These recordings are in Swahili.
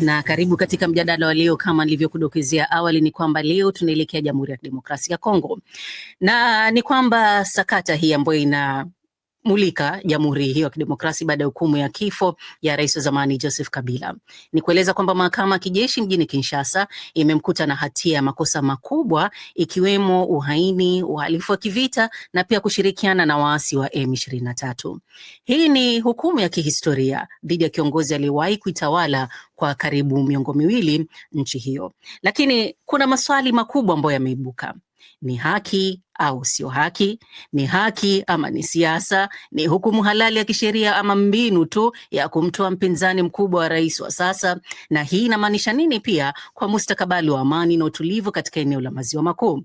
Na karibu katika mjadala wa leo. Kama nilivyokudokezea awali, ni kwamba leo tunaelekea Jamhuri ya Kidemokrasia ya Kongo, na ni kwamba sakata hii ambayo ina mulika jamhuri hiyo ya kidemokrasia baada ya hukumu ya kifo ya rais wa zamani Joseph Kabila. Ni kueleza kwamba mahakama ya kijeshi mjini Kinshasa imemkuta na hatia ya makosa makubwa ikiwemo uhaini, uhalifu wa kivita na pia kushirikiana na waasi wa M23. Hii ni hukumu ya kihistoria dhidi ya kiongozi aliyewahi kuitawala kwa karibu miongo miwili nchi hiyo, lakini kuna maswali makubwa ambayo yameibuka. Ni haki au sio haki? Ni haki ama ni siasa? Ni hukumu halali ya kisheria ama mbinu tu ya kumtoa mpinzani mkubwa wa rais wa sasa? Na hii inamaanisha nini pia kwa mustakabali wa amani na utulivu katika eneo la maziwa makuu?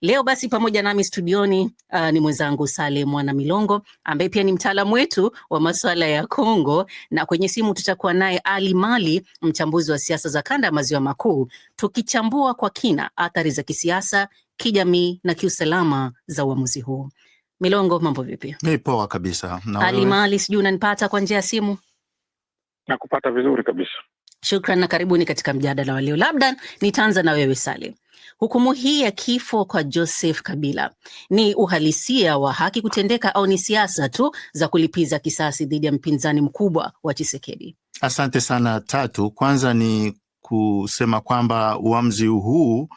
Leo basi pamoja nami studioni uh, ni mwenzangu Sale Mwana Milongo ambaye pia ni mtaalamu wetu wa masuala ya Kongo, na kwenye simu tutakuwa naye Ali Mali, mchambuzi wa siasa za kanda ya maziwa makuu, tukichambua kwa kina athari za kisiasa, kijamii na kiusalama lawama za uamuzi huu. Milongo, mambo vipi? Mi poa kabisa. Alimali, sijui unanipata kwa njia ya simu? Nakupata vizuri kabisa. Shukran na karibuni katika mjadala wa leo. Labda nitaanza na wewe Sali. Hukumu hii ya kifo kwa Joseph Kabila ni uhalisia wa haki kutendeka au ni siasa tu za kulipiza kisasi dhidi ya mpinzani mkubwa wa Chisekedi? Asante sana. Tatu, kwanza ni kusema kwamba uamuzi huu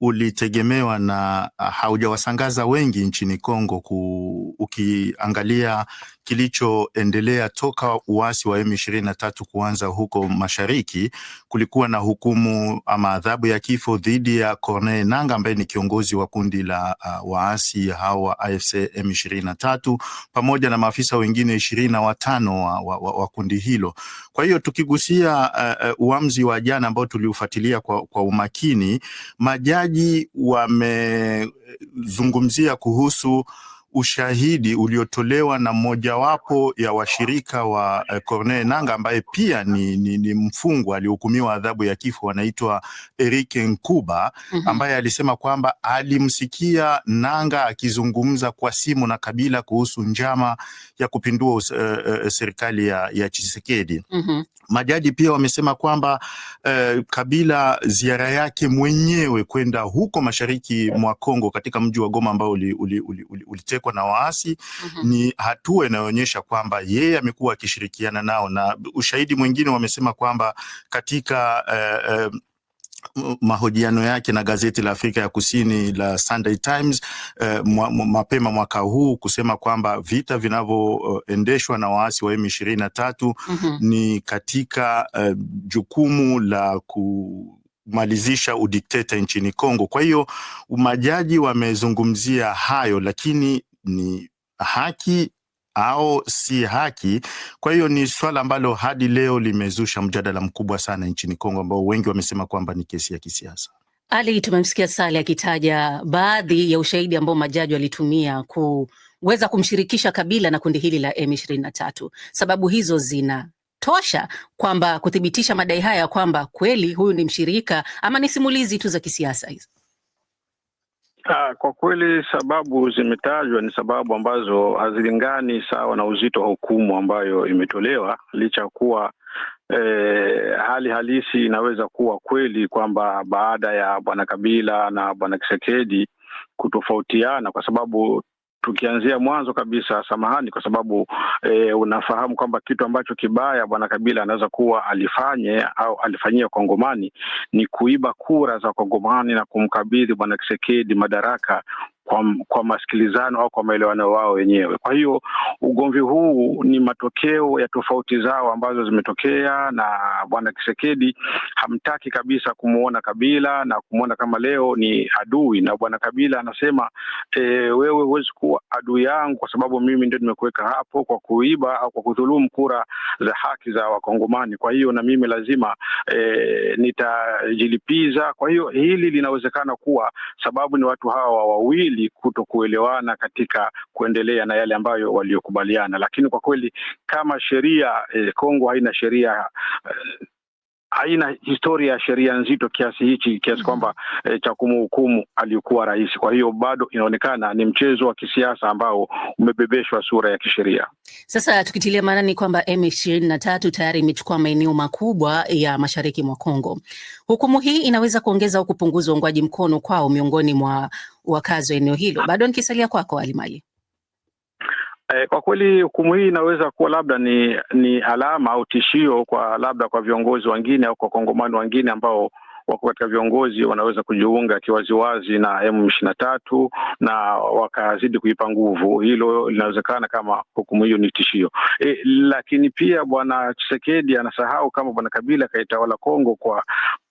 ulitegemewa na ah, haujawasangaza wengi nchini Kongo ku, ukiangalia kilichoendelea toka uasi wa M23 kuanza huko mashariki, kulikuwa na hukumu ama adhabu ya kifo dhidi ya Corneille Nangaa ambaye ni kiongozi wa kundi la uh, waasi hao wa AFC M23 pamoja na maafisa wengine ishirini na watano wa, wa, wa kundi hilo. Kwa hiyo tukigusia uh, eh, eh, uamzi wa jana ambao tuliufuatilia kwa, kwa umakini majaji wakosoaji wamezungumzia kuhusu ushahidi uliotolewa na mmojawapo ya washirika wa eh, Corneille Nangaa ambaye pia ni, ni, ni mfungwa alihukumiwa adhabu ya kifo, anaitwa Eric Nkuba mhm. ambaye alisema kwamba alimsikia Nangaa akizungumza kwa simu na Kabila kuhusu njama ya kupindua uh, uh, serikali ya, ya Tshisekedi. mm -hmm. Majaji pia wamesema kwamba uh, Kabila ziara yake mwenyewe kwenda huko mashariki mwa Kongo katika mji wa Goma ambao ulitekwa uli, uli, uli, uli kupelekwa na waasi mm -hmm. ni hatua inayoonyesha kwamba yeye amekuwa akishirikiana nao, na ushahidi mwingine wamesema kwamba katika eh, eh, mahojiano yake na gazeti la Afrika ya Kusini la Sunday Times eh, mapema mwaka huu kusema kwamba vita vinavyoendeshwa na waasi wa M23 mm -hmm. ni katika eh, jukumu la ku malizisha udikteta nchini Kongo. Kwa hiyo majaji wamezungumzia hayo, lakini ni haki au si haki. Kwa hiyo ni swala ambalo hadi leo limezusha mjadala mkubwa sana nchini Kongo, ambao wengi wamesema kwamba ni kesi ya kisiasa. Ali, tumemsikia Sale akitaja baadhi ya ushahidi ambao majaji walitumia kuweza kumshirikisha Kabila na kundi hili la M23. Sababu hizo zinatosha kwamba kuthibitisha madai haya kwamba kweli huyu ni mshirika ama ni simulizi tu za kisiasa hizo? Aa, ah, kwa kweli sababu zimetajwa ni sababu ambazo hazilingani sawa na uzito wa hukumu ambayo imetolewa, licha ya kuwa e, hali halisi inaweza kuwa kweli kwamba baada ya bwana Kabila na bwana Kisekedi kutofautiana, kwa sababu tukianzia mwanzo kabisa, samahani, kwa sababu e, unafahamu kwamba kitu ambacho kibaya bwana Kabila anaweza kuwa alifanye au alifanyia Kongomani ni kuiba kura za Kongomani na kumkabidhi bwana Kisekedi madaraka kwa, kwa masikilizano au kwa maelewano wao wenyewe. Kwa hiyo ugomvi huu ni matokeo ya tofauti zao ambazo zimetokea, na bwana Kisekedi hamtaki kabisa kumwona Kabila na kumwona kama leo ni adui, na bwana Kabila anasema e, wewe huwezi kuwa adui yangu kwa sababu mimi ndio nimekuweka hapo kwa kuiba au kwa kudhulumu kura za haki za Wakongomani. Kwa hiyo na mimi lazima e, nitajilipiza. Kwa hiyo hili linawezekana kuwa sababu ni watu hawa wawili kweli kuelewana katika kuendelea na yale ambayo waliokubaliana. Lakini kwa kweli kama sheria eh, Kongo haina sheria eh, haina historia ya sheria nzito kiasi hichi, kiasi mm-hmm. kwamba e, cha kumhukumu aliyokuwa rais. Kwa hiyo bado inaonekana ni mchezo wa kisiasa ambao umebebeshwa sura ya kisheria. Sasa tukitilia maanani kwamba M23 tayari imechukua maeneo makubwa ya mashariki mwa Kongo, hukumu hii inaweza kuongeza au kupunguza uungwaji mkono kwao miongoni mwa wakazi wa eneo hilo. Bado nikisalia kwako, Alimali. Eh, kwa kweli hukumu hii inaweza kuwa labda ni ni alama au tishio kwa labda kwa viongozi wengine au kwa wakongomani wengine ambao wako katika viongozi wanaweza kujiunga kiwaziwazi na M ishirini na tatu na wakazidi kuipa nguvu. Hilo linawezekana kama hukumu hiyo ni tishio e, lakini pia bwana Chisekedi anasahau kama bwana Kabila akaitawala Kongo kwa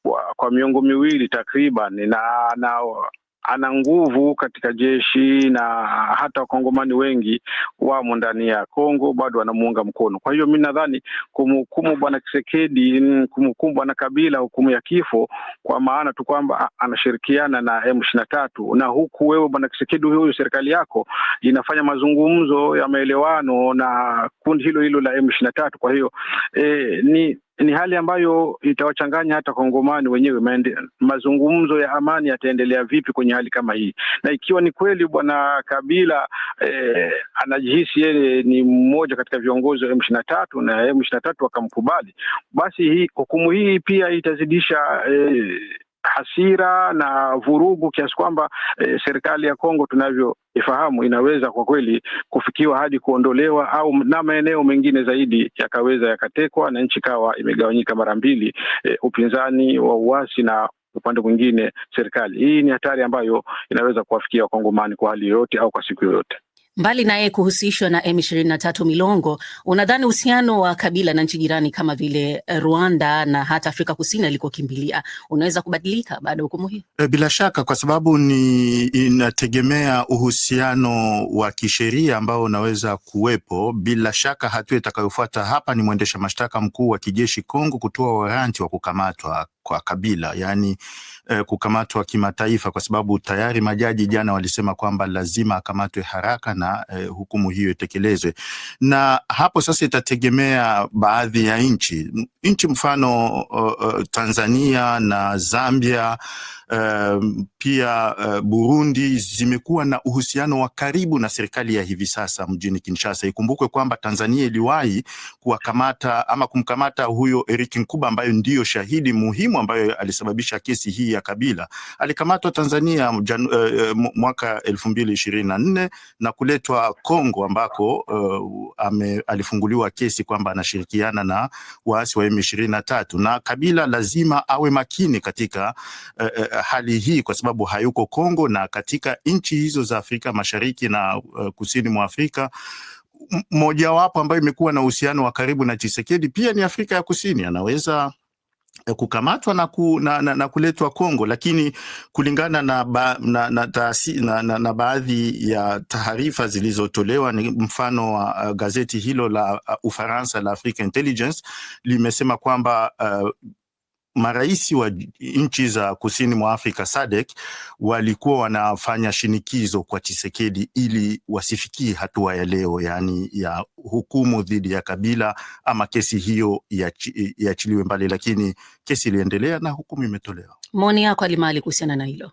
kwa, kwa miongo miwili takriban na, na ana nguvu katika jeshi na hata wakongomani wengi wamo ndani ya Kongo bado wanamuunga mkono. Kwa hiyo mi nadhani kumhukumu bwana Kisekedi, kumhukumu bwana Kabila hukumu ya kifo, kwa maana tu kwamba anashirikiana na M ishirini na tatu, na huku wewe bwana Kisekedi huyu serikali yako inafanya mazungumzo ya maelewano na kundi hilo hilo la M ishirini na tatu. Kwa hiyo eh, ni ni hali ambayo itawachanganya hata Kongomani wenyewe. mazungumzo ya amani yataendelea vipi kwenye hali kama hii? Na ikiwa ni kweli bwana Kabila eh, anajihisi yeye ni mmoja katika viongozi wa M ishirini na tatu na M ishirini na tatu wakamkubali, basi hii hukumu hii pia itazidisha eh, hasira na vurugu kiasi kwamba eh, serikali ya Kongo tunavyoifahamu inaweza kwa kweli kufikiwa hadi kuondolewa au na maeneo mengine zaidi yakaweza yakatekwa na nchi kawa imegawanyika mara mbili, e, upinzani wa uasi na upande mwingine serikali. Hii ni hatari ambayo inaweza kuwafikia Wakongomani kwa hali yoyote au kwa siku yoyote. Mbali naye kuhusishwa na M23 Milongo, unadhani uhusiano wa Kabila na nchi jirani kama vile eh, Rwanda na hata Afrika Kusini alikokimbilia unaweza kubadilika baada ya hukumu hii? Eh, bila shaka, kwa sababu ni inategemea uhusiano wa kisheria ambao unaweza kuwepo. Bila shaka, hatua itakayofuata hapa ni mwendesha mashtaka mkuu wa kijeshi Kongo kutoa waranti wa kukamatwa kwa Kabila, yani eh, kukamatwa kimataifa, kwa sababu tayari majaji jana walisema kwamba lazima akamatwe haraka na eh, hukumu hiyo itekelezwe. Na hapo sasa itategemea baadhi ya nchi nchi, mfano uh, Tanzania na Zambia uh, pia uh, Burundi zimekuwa na uhusiano wa karibu na serikali ya hivi sasa mjini Kinshasa. Ikumbukwe kwamba Tanzania iliwahi kuwakamata ama kumkamata huyo Eric Nkuba ambayo ndiyo shahidi muhimu ambayo alisababisha kesi hii ya Kabila alikamatwa Tanzania mjanu, uh, eh, eh, mwaka elfu mbili ishirini na nne na kuletwa Kongo ambako uh, ame, alifunguliwa kesi kwamba anashirikiana na waasi wa M23 na Kabila lazima awe makini katika uh, uh, hali hii kwa sababu hayuko Kongo na katika nchi hizo za Afrika Mashariki na uh, kusini mwa Afrika mojawapo ambayo imekuwa na uhusiano wa karibu na chisekedi pia ni Afrika ya Kusini. Anaweza Eh, kukamatwa na, ku, na, na, na kuletwa Kongo, lakini kulingana na, ba, na, na, taasi, na, na, na baadhi ya taarifa zilizotolewa ni mfano wa uh, gazeti hilo la uh, Ufaransa la Africa Intelligence limesema kwamba uh, marais wa nchi za kusini mwa Afrika SADC walikuwa wanafanya shinikizo kwa Tshisekedi ili wasifikie hatua ya leo, yaani ya hukumu dhidi ya Kabila ama kesi hiyo iachiliwe mbali, lakini kesi iliendelea na hukumu imetolewa. Maoni yako Alimali kuhusiana na hilo?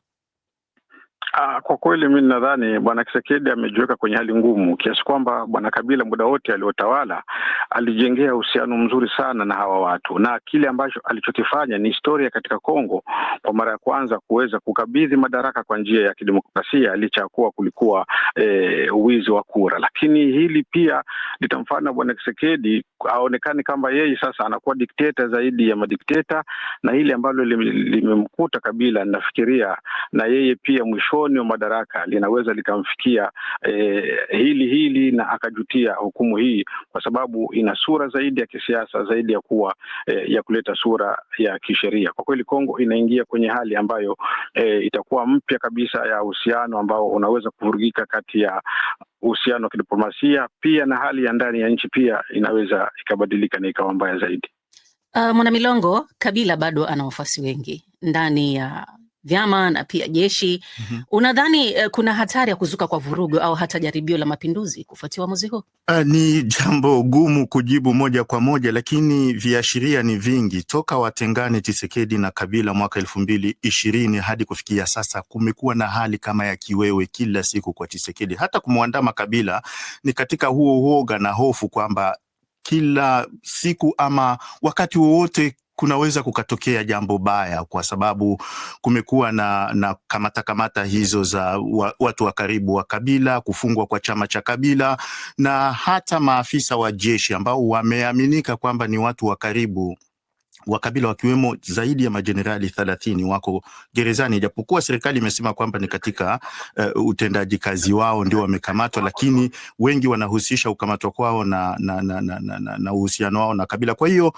Aa, ah, kwa kweli mi nadhani bwana Kisekedi amejiweka kwenye hali ngumu kiasi kwamba bwana Kabila muda wote aliotawala alijengea uhusiano mzuri sana na hawa watu, na kile ambacho alichokifanya ni historia katika Kongo, kwa mara ya kwanza kuweza kukabidhi madaraka kwa njia ya kidemokrasia, licha ya kuwa kulikuwa e, eh, uwizi wa kura. Lakini hili pia litamfanya bwana Kisekedi aonekane kama yeye sasa anakuwa dikteta zaidi ya madikteta, na hili ambalo limemkuta Kabila, nafikiria na yeye pia mwisho mikononi madaraka linaweza likamfikia eh, hili hili na akajutia hukumu hii, kwa sababu ina sura zaidi ya kisiasa zaidi ya kuwa eh, ya kuleta sura ya kisheria. Kwa kweli, Kongo inaingia kwenye hali ambayo eh, itakuwa mpya kabisa ya uhusiano ambao unaweza kuvurugika kati ya uhusiano wa kidiplomasia pia na hali ya ndani ya nchi pia inaweza ikabadilika na ikawa mbaya zaidi. Uh, Mwanamilongo, Kabila bado ana wafuasi wengi ndani ya vyama na pia jeshi mm -hmm. Unadhani uh, kuna hatari ya kuzuka kwa vurugu au hata jaribio la mapinduzi kufuatia uamuzi huu? Uh, ni jambo gumu kujibu moja kwa moja, lakini viashiria ni vingi. Toka watengane Tshisekedi na Kabila mwaka elfu mbili ishirini hadi kufikia sasa, kumekuwa na hali kama ya kiwewe kila siku kwa Tshisekedi. Hata kumwandama Kabila ni katika huo uoga na hofu kwamba kila siku ama wakati wowote kunaweza kukatokea jambo baya, kwa sababu kumekuwa na, na kamata kamata hizo za watu wa karibu wa Kabila, kufungwa kwa chama cha Kabila na hata maafisa wa jeshi ambao wameaminika kwamba ni watu wa karibu wa Kabila wakiwemo zaidi ya majenerali thelathini wako gerezani, ijapokuwa serikali imesema kwamba ni katika uh, utendaji kazi wao ndio wamekamatwa, lakini wengi wanahusisha ukamatwa kwao na, na, na, na, na, na uhusiano wao na Kabila. Kwa hiyo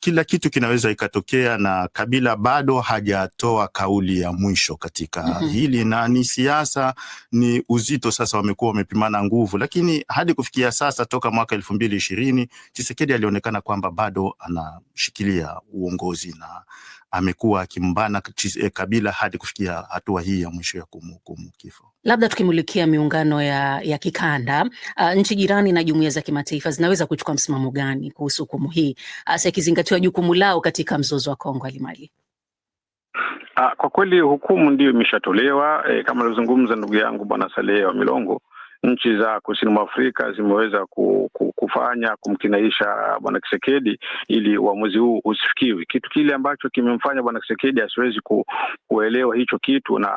kila kitu kinaweza ikatokea, na Kabila bado hajatoa kauli ya mwisho katika mm -hmm. hili, na ni siasa, ni uzito sasa, wamekuwa wamepimana nguvu, lakini hadi kufikia sasa toka mwaka elfu mbili ishirini Tshisekedi alionekana kwamba bado anashikilia uongozi na amekuwa akimbana eh, Kabila hadi kufikia hatua hii ya mwisho ya kumhukumu kifo. Labda tukimulikia miungano ya, ya kikanda uh, nchi jirani na jumuiya za kimataifa zinaweza kuchukua msimamo gani kuhusu hukumu hii hasa ah, ikizingatiwa jukumu lao katika mzozo wa Kongo alimali? Ah, kwa kweli hukumu ndiyo imeshatolewa e, kama alivyozungumza ndugu yangu Bwana Salehe wa Milongo nchi za kusini mwa Afrika zimeweza kufanya kumkinaisha bwana Kisekedi ili uamuzi huu usifikiwi, kitu kile ambacho kimemfanya bwana Kisekedi asiwezi kuelewa hicho kitu na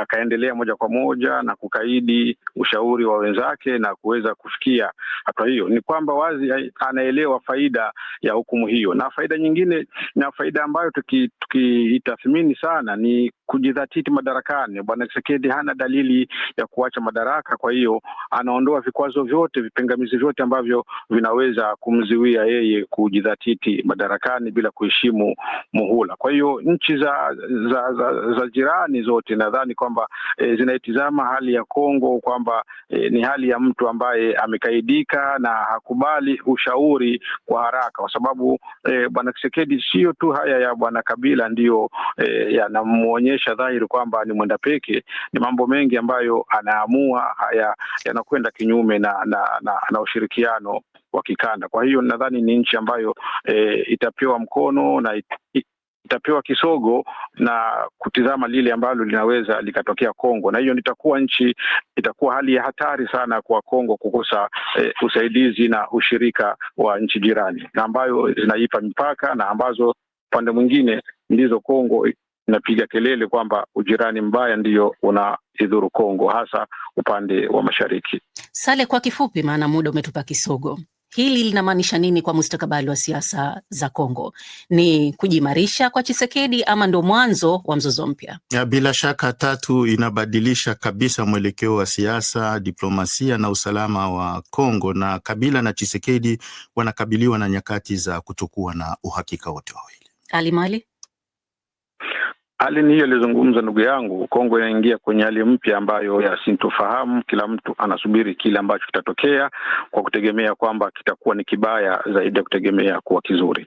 akaendelea moja kwa moja na kukaidi ushauri wa wenzake na kuweza kufikia hatua hiyo, ni kwamba wazi anaelewa faida ya hukumu hiyo, na faida nyingine na faida ambayo tukiitathmini tuki sana ni kujidhatiti madarakani. Bwana Kisekedi hana dalili ya kuacha madaraka kwa hiyo anaondoa vikwazo vyote, vipingamizi vyote ambavyo vinaweza kumziwia yeye kujidhatiti madarakani bila kuheshimu muhula. Kwa hiyo nchi za za, za, za jirani zote nadhani kwamba e, zinaitizama hali ya Kongo kwamba e, ni hali ya mtu ambaye amekaidika na hakubali ushauri kwa haraka, kwa sababu e, bwana Kisekedi, siyo tu haya ya bwana Kabila ndiyo e, yanamwonyesha dhahiri kwamba ni mwenda peke, ni mambo mengi ambayo anaamua haya haya yanakwenda kinyume na, na, na, na ushirikiano wa kikanda. Kwa hiyo nadhani ni nchi ambayo e, itapewa mkono na it, it, itapewa kisogo na kutizama lile ambalo linaweza likatokea Kongo, na hiyo nitakuwa nchi itakuwa hali ya hatari sana kwa Kongo kukosa e, usaidizi na ushirika wa nchi jirani na ambayo zinaipa mipaka na ambazo upande mwingine ndizo Kongo inapiga kelele kwamba ujirani mbaya ndiyo unaidhuru Kongo, hasa upande wa mashariki. Sale, kwa kifupi, maana muda umetupa kisogo, hili linamaanisha nini kwa mustakabali wa siasa za Kongo? Ni kujimarisha kwa Chisekedi ama ndo mwanzo wa mzozo mpya? Bila shaka tatu inabadilisha kabisa mwelekeo wa siasa, diplomasia na usalama wa Kongo, na Kabila na Chisekedi wanakabiliwa na nyakati za kutokuwa na uhakika wote wawili. Ali Mali Hali ni hiyo ilizungumza ndugu yangu. Kongo inaingia kwenye hali mpya ambayo yasintofahamu. Kila mtu anasubiri kile ambacho kitatokea, kwa kutegemea kwamba kitakuwa ni kibaya zaidi ya kutegemea kuwa kizuri.